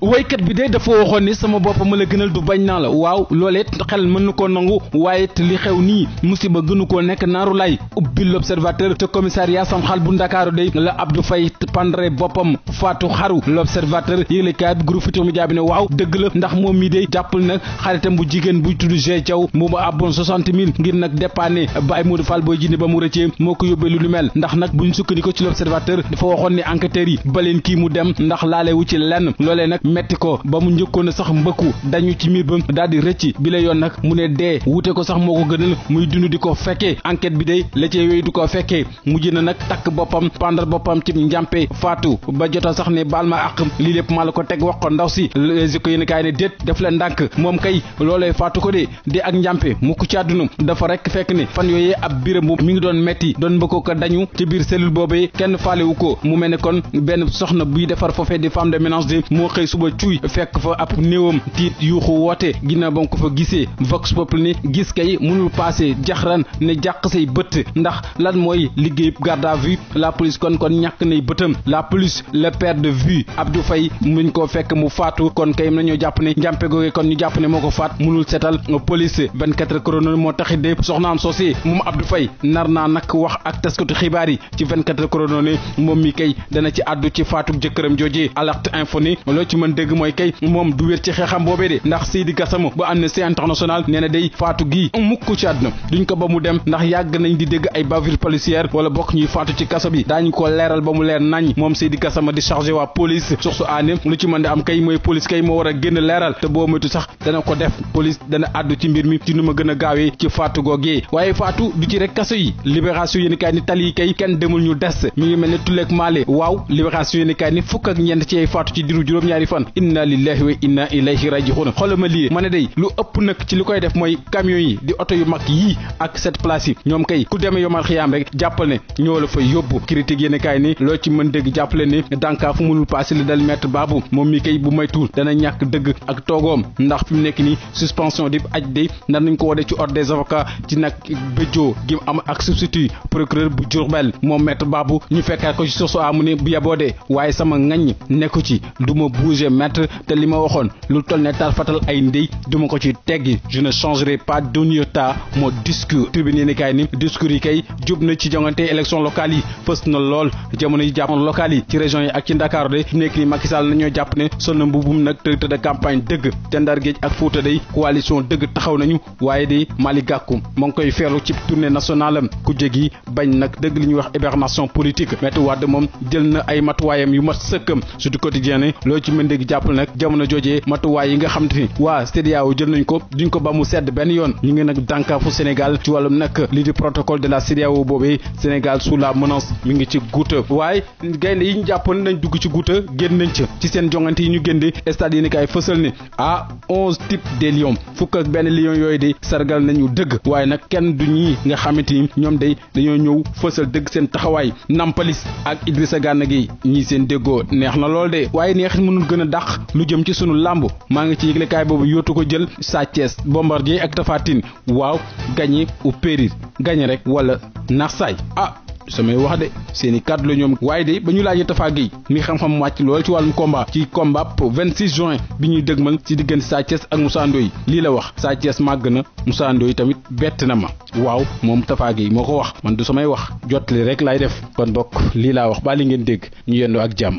waykat bi de dafa waxoon ni sama boppam ma la gënal du bañ naa la waaw loolee xel mën na koo nangu waaye li xew nii musiba gënu koo nekk naaru lay ubbi l'observateur te commissariat xal bu ndakaaru day la Abdou Faye pandre boppam faatu xaru l'observateur yëglekaay bi groupe Futurs Médias bi ne waaw dëgg la ndax moom mii day jàppal nag xaritam bu jigéen buy tudd G Thiaw mu ma abboon soixante mille ngir nag dépanner Baye Modou Fall booy jinne ba mu rëccee moo ko yóbbee lu lu mel ndax nag buñ sukkandikoo ci l'observateur dafa waxoon ni enquêteurs yi baleen kii mu dem ndax laale ci lenn loolee nag metti ko ba mu njëkkoon a sax mbëkku dañu ci miir ba daal di rëcc bi la yoon nag mu ne dee wute ko sax moo ko gënal muy dund di ko fekkee enquête bi dey la ci yooyu di ko fekkee mujj na nag takk boppam pandar boppam ci njàmpe faatu ba jota sax ne baal ma àq lii lépp maa la ko teg wax ko ndaw si si ko yéen kaay ne déet def la ndànk moom kay loolee faatu ko de di ak njàmpe mukk ci àdduna dafa rek fekk ne fan yooyee ab biram mu mi ngi doon metti doon mbëkkoo ko dañu ci biir cellule boobee kenn faalewu ko mu mel ne kon benn soxna buy defar foofee di femme de ménage di moo xëy suba cuuy fekk fa ab néewam tiit yuuxu woote ginnaaw ba nga ko fa gisee vox populi ni gis kay mënul passé jaxran ne jàq say bët ndax lan mooy liggéey garde à vue la police kon kon ñakk nay bëtam la police le perd de vue du Faye muñ koo fekk mu faatu kon kay na ñoo jàpp ne njàmpe googe kon ñu jàpp ne moo ko faat mënul setal police 24 chrono moo taxit de soxnaam soosee moom Abdou Faye nar na nag wax ak taskatu xibaar yi ci 24 chrono ne moom mi kay dana ci àddu ci mën dëgg mooy kay moom du wér ci xeexam boobee de ndax Seydi Gassama bu Amnesty International nee na day faatu gi mukk ci àdduna duñ ko ba mu dem ndax yàgg nañ di dégg ay bavure policière wala bokk ñuy faatu ci kaso bi daañu ko leeral ba mu leer nañ moom Seydi Gassama di chargé waa police source aané lu ci mën di am kay mooy police kay moo war a génn leeral te boo moytu sax dana ko def police dana àddu ci mbir mi ci nu ma gën a gaawee ci faatu fan inna lillahi wa inna ilayhi rajiun lii ma ne day lu ëpp nag ci li koy def mooy camions yi di oto yu mag yii ak cette place yi ñoom kay ku demee yomal xiyaam rek jàppal ne ñoo la fa yóbbu critique yéen kaay ni loo ci mën dégg jàppale ni dankaa fu munul passé li dal maître baabu moom mi kay bu maytuul dana ñàkk dëgg ak toogoom ndax fi nekk nii suspension di aj day nar nañ ko wade ci ordre des avocats ci nag béjjoo gi am ak substitut procureur bu Diourbel moom maître baabu ñu budget mettre te li ma waxoon lu toll ne tar fatal ay ndey duma ko ci teggi je ne pas d'un iota mon discours tribune yéen kaay ni discours yi kay jub na ci jongante élection locale yi fës na lool jamono yi locale yi ci région yi ak ci Ndakaaru de nekk ni Macky Sall jàpp ne sol na mbubum nag directeur de campagne dëgg te Ndar Géej ak Fuuta day coalition dëgg taxaw nañu waaye de Mali Gakou moo ngi koy feelu ci tournée nationale am ku jégi bañ nag dëgg yu mat sëkkam léegi jàppal nag jamono joojee matuwaay yi nga xam te ni waa CEDEAO jël nañ ko duñ ko ba mu sedd benn yoon ñu ngi nag dànkaafu Sénégal ci wàllum nag lii di protocole de la CEDEAO boobee Sénégal sous la menace mi ngi ci guuta waaye gaynde yi ñu jàppoon nañ dugg ci guuta génn nañ ci seen jongante yi ñu génn di stade yi ni kaay fësal ni à onze types des lions fukk ak benn lion yooyu di sargal nañu dëgg waaye nag kenn du ñii nga xamante ni ñoom day dañoo ñëw fësal dëgg seen taxawaay Nampalis ak Idrissa Gana Gueye ñii seen déggoo neex ndax lu jëm ci sunu làmb maa ngi ci yëglekaay boobu yootu ko jël Sa Thiès Bombardier ak Tapha waaw gagné ou périr gagné rek wala nax saay ah samay wax de seeni kàddu la ñoom waaye de ba ñu laajee Tapha Gueye mi xam-xam wàcc lool ci wàllum komba ci combat pour 26 juin bi ñuy dëgmal ci diggante Sa ak Moussa Ndoye lii la wax Sa màgg na Moussa Ndoye tamit bett na ma waaw moom Tapha Gueye moo ko wax man du samay wax jotali rek laay def kon bokk lii laa wax ba li ngeen dégg ñu yendoo ak jàmm